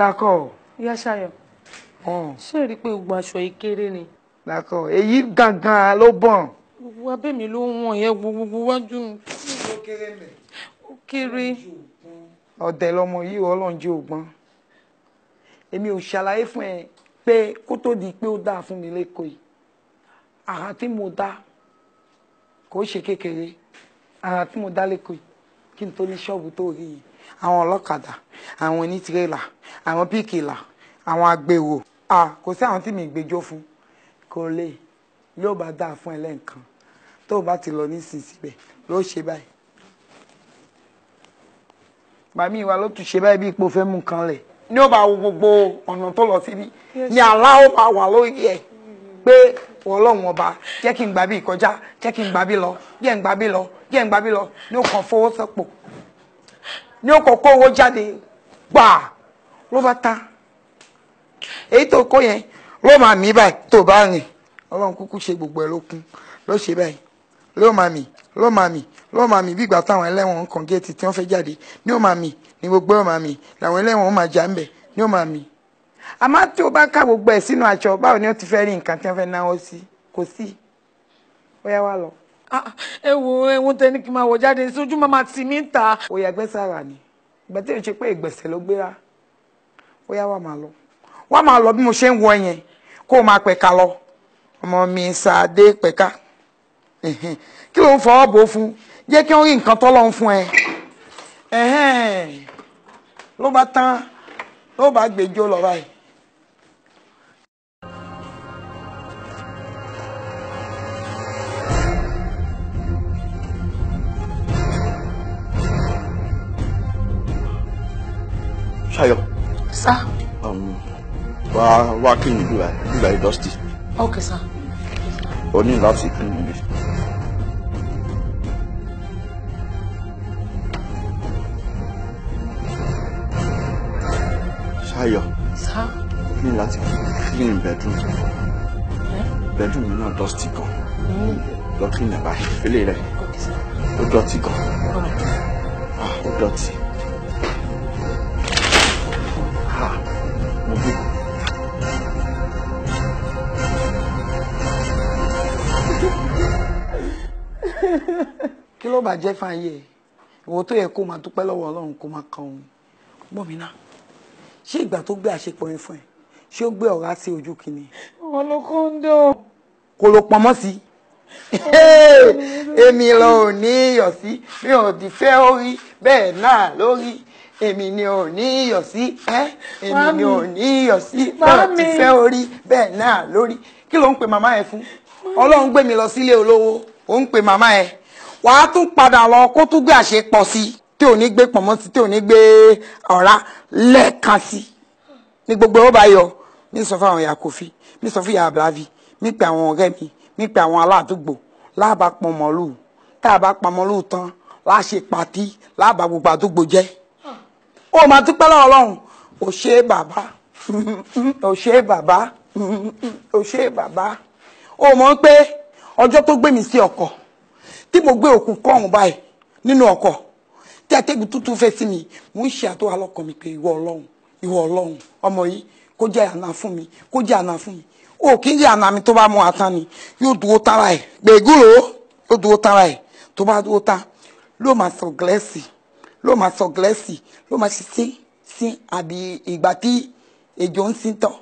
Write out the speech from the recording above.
Dákọ̀. Ìyá Ṣayọ̀. Ṣé rí i pé gbogbo aṣọ yìí kéré ni? Dákọ̀ èyí gangan ló bọ̀n. Gbogbo abẹ́mi ló wọ̀n yẹn gbogbo wájú. Ó kéré mẹ́. Ó kéré. Ọ̀dẹ̀ lọmọ yìí ọlọ́run jẹ́ ògbọ́n. Èmi ò ṣàlàyé fún ẹ pé kó tó di pé ó dáa fún mi lẹ́kọ̀ọ́ yìí. Àrà tí mo dá kò ṣe kékeré. Àrà tí mo dá lẹ́kọ̀ọ́ yìí kí n tó ní ṣọ́ọ̀bù tó rí yìí àwọn ọlọ́kadà àwọn onítìrẹ́là àwọn píkìlà àwọn agbèrò à kò sí àwọn tí mi gbẹjọ́ fún kò lè yóò bá dáa fún ẹ lẹ́ǹkan tó o bá ti lọ nísìn síbẹ̀ ló ṣe báyìí bàmí ìwà ló tún ṣe báyìí bí ipò fẹ́ mú kan lẹ̀ ní ó bá wo gbogbo ọ̀nà tó lọ síbi ni àlá ó máa wà lórí ẹ̀ pé ọlọ́run ọba jẹ́ kí n gbà bí kọjá jẹ́ kí n gbà bí lọ jẹ́ n gbà bí lọ jẹ́ n gbà bí lọ ní ó kàn fọwọ́ sọ́pọ̀ ní ó kọ́kọ́ owó jáde gbà ló bá ta èyí tó kó yẹn ló máa mí báyìí tó bá rìn ọlọ́run kúkú ṣe gbogbo ẹ̀ ló kún ló ṣe báyìí ló máa mì ló máa mì ló máa mì bí ìgbà táwọn ẹlẹ́wọ̀n ń kàn géètì tí wọ́n fẹ́ jáde ní ó máa mì ní gbogbo ó máa mì làwọn ẹlẹ́wọ̀n ó máa jà ń bẹ̀ ní ó máa mì. àmọ́ tí o bá ká gbogbo ẹ̀ sínú aṣọ báwo ni ó ti fẹ́ rí nǹkan tí wọ́n fẹ́ náwó sí kò sí ó yá wá lọ. Ah, ah, ẹ wo ẹwọn tẹni kí n máa wọ jáde sí ojú mama tì mí ń ta. òyà gbẹ́sára ni ìgbà tí èèyàn ṣe pé ìgbẹ̀sẹ̀ ló gbéra ó yá wà máa lọ wà máa lọ bí mo ṣe ń wọ yẹn kó o máa pẹ̀ka lọ ọmọ mi ṣàdé pẹ̀ka kí ló ń fọwọ́ bò fún jẹ́ kí wọ́n rí nǹkan tọ́lọ́ ń fún ẹ ló bá tán ló bá gbèjó lọ báyìí. Sir. Um, Wá wá kí ni bíbá bíbá yìí dọ́sítì. Ok sá. O ní láti kí ni. Ṣayọ̀. Sir. O ní láti kí ni bedroom. Eh? Bedroom mi náà dọ́sítì gan. Hmm. Lọ kí ni báyìí. Fẹ́lẹ̀ rẹ̀. Ó dọ̀tí gan. Ah, ó dọ̀tí. kí ló bàjẹ́ fàáyé ìwọ tó yẹ kó máa dúpẹ́ lọ́wọ́ ọlọ́run kó máa kan òun gbọ́ mi ná ṣé ìgbà tó gbé àṣepọ̀ yẹn fún ẹ ṣé ó gbé ọ̀rá sí ojú kìíní. wọn ló kóńdó. kò ló pamọ́ sí i èmi lọ ò ní yọ̀ sí mi ò dì fẹ́ orí bẹ́ẹ̀ náà lórí èmi ni ò ní iyọ̀ sí ẹ́ èmi ni ò ní iyọ̀ sí bọ́ọ̀ ti fẹ́ orí bẹ́ẹ̀ náà lórí kí ló ń pe màmá ẹ fún ọlọ́run gbé mi lọ sílé olówó ó ń pe màmá ẹ wàá tún padà lọ kó tún gbé àṣepọ̀ sí i tí ò ní gbé pọ̀nmọ́ sí tí ò ní gbé ọ̀rá lẹ́ẹ̀kan sí ní gbogbo ó bá yọ mi sọ fún àwọn ìyá Kofi mi sọ fún ìyá Abdulhavi mi pe àwọn ọ̀rẹ́ mi mi pe àwọn aládùúgbò láàbà tá a tán láṣepàtì láàbà àdúgbò jẹ́ ó ma dúpẹ́ lọ́wọ́ ọlọ́run ò ṣe é bàbá ò ṣe é bàbá ò ṣe é bàbá ó mọ̀ pé ọjọ́ tó gbé mi sí ọkọ̀ tí mo gbé òkun kọ́ ọ̀hún báyìí nínú ọkọ̀ tí atẹ́gùn tútù fẹ́ sí mi mò ń ṣe àtọ́wà lọ́kàn mi pé ìwọ ọlọ́run ìwọ ọlọ́run ọmọ yìí kó jẹ́ àná fún mi kó jẹ́ àná fún mi o kì í jẹ́ àná mi tó bá mú ata ni yóò dúró tara ẹ̀ gbẹ̀gúrò yóò dúró tara ẹ̀ tó bá dúró ta ló máa sọ gẹ̀ẹ́sì ló máa sọ gẹ̀ẹ́sì ló máa ṣe sí sí àbí ìgbà tí ejò ń sin tán.